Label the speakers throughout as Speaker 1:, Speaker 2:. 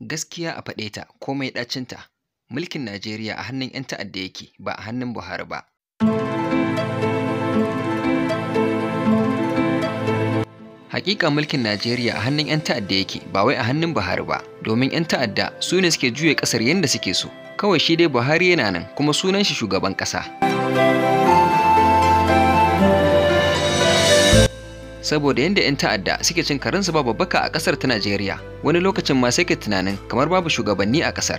Speaker 1: gaskiya a faɗe ta komai ɗacinta mulkin najeriya a hannun 'yan ta'adda yake ba a hannun buhari ba Hakika mulkin Najeriya a hannun 'yan ta'adda yake ba wai a hannun Buhari ba, domin 'yan ta'adda su ne suke juya ƙasar yadda suke so. Kawai shi dai Buhari yana nan kuma sunan shi shugaban ƙasa. saboda yadda 'yan ta'adda suke cin su babu baka a kasar ta Najeriya wani lokacin ma sai ke tunanin kamar babu shugabanni a kasar.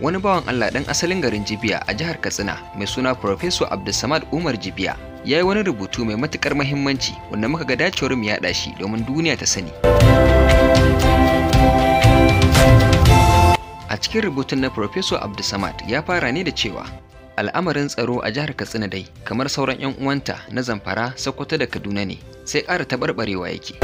Speaker 1: Wani bawan Allah ɗan asalin garin Jibiya a jihar Katsina mai suna Profesor Abdulsamad Umar Jibiya ya yi wani rubutu mai matuƙar mahimmanci wanda muka ga dacewar mu yaɗa shi domin duniya ta sani. A cikin rubutun na Profesor Abdulsamad ya fara ne da cewa al'amarin tsaro a jihar katsina dai kamar sauran 'yan uwanta na zamfara sokoto da kaduna ne sai ƙara taɓarɓarewa yake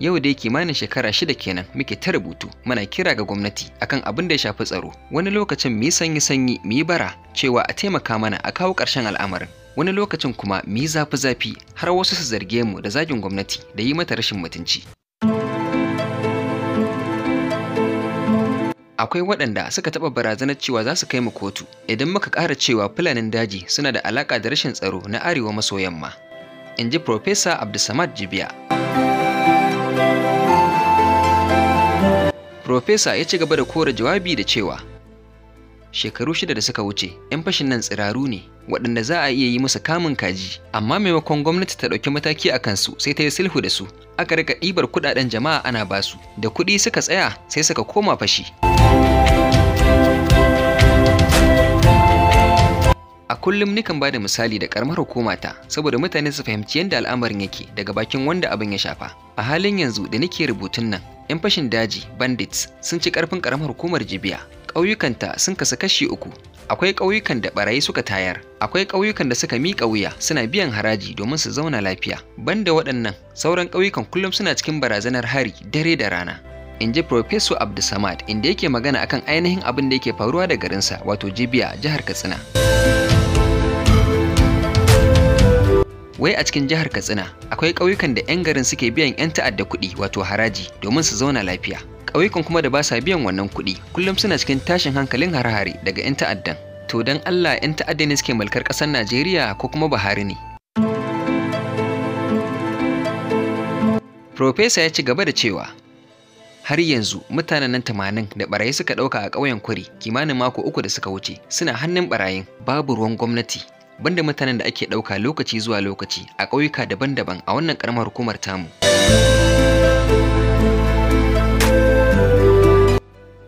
Speaker 1: yau dai kimanin shekara shida kenan muke ta rubutu muna kira ga gwamnati akan abin da ya shafi tsaro wani lokacin mu yi sanyi sanyi mu yi bara cewa a taimaka mana a kawo ƙarshen al'amarin wani lokacin kuma mu yi zafi zafi har wasu su zarge mu da zagin gwamnati da yi mata rashin mutunci akwai waɗanda suka taɓa barazanar cewa za su kai mu kotu idan muka ƙara cewa fulanin daji suna da alaƙa da rashin tsaro na arewa maso yamma in ji Profesa Abdulsamad Jibiya. Profesa ya ci gaba da kora jawabi da cewa shekaru shida da suka wuce 'yan fashin nan tsiraru ne waɗanda za a iya yi musu kamun kaji amma maimakon gwamnati ta ɗauki mataki a kansu sai ta yi sulhu da su aka rika ɗibar kuɗaɗen jama'a ana basu da kuɗi suka tsaya sai suka koma fashi. a kullum nikan da misali da karamar ta saboda mutane su fahimci yadda al'amarin yake daga bakin wanda abin ya shafa a halin yanzu da nake rubutun nan yan fashin daji bandits sun ci karfin karamar hukumar jibiya ƙauyukanta sun kasa kashi uku akwai ƙauyukan da barayi suka tayar akwai ƙauyukan da suka miƙa wuya suna biyan haraji domin su zauna lafiya banda waɗannan sauran ƙauyukan kullum suna cikin barazanar hari dare da rana in ji Profeso Abdulsamad inda yake magana akan ainihin abin da yake faruwa da garinsa wato Jibiya jihar Katsina. wai a cikin jihar katsina akwai ƙauyukan da 'yan garin suke biyan 'yan ta'adda kuɗi wato haraji domin su zauna lafiya ƙauyukan kuma da ba sa biyan wannan kuɗi kullum suna cikin tashin hankalin hare daga 'yan ta'addan to don allah 'yan ta'adda ne suke mulkar ƙasar najeriya ko kuma buhari ne Profesa ya ci gaba da cewa har yanzu mutanen nan tamanin da barayi suka ɗauka a ƙauyen kuri kimanin mako uku da suka wuce suna hannun barayin babu ruwan gwamnati banda mutanen da ake ɗauka lokaci zuwa lokaci a ƙauyuka daban-daban a wannan ƙaramar hukumar tamu.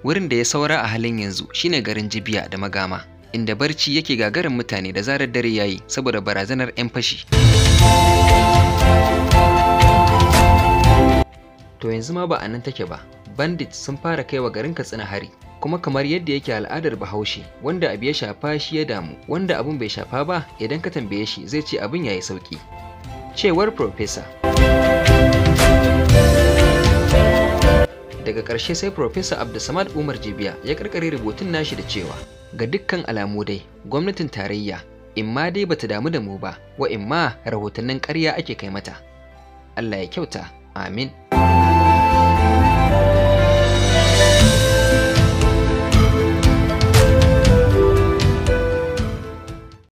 Speaker 1: Wurin da ya saura a halin yanzu shine garin Jibiya da Magama, inda barci yake gagarin mutane da zarar dare yayi saboda barazanar 'yan fashi. To yanzu ma ba a nan take ba, bandit sun fara kai wa garin Katsina hari. kuma kamar yadda yake al'adar bahaushe wanda abu ya shafa shi ya damu wanda abin bai shafa ba idan ka tambaye shi zai ce abin yayi sauki cewar profesa daga ƙarshe sai profesa abdulsamad umar jibiya ya karkare rubutun nashi da cewa ga dukkan alamu dai gwamnatin tarayya in ma dai bata damu da mu ba wa in ma, rahotannin ƙarya ake kai mata allah ya kyauta amin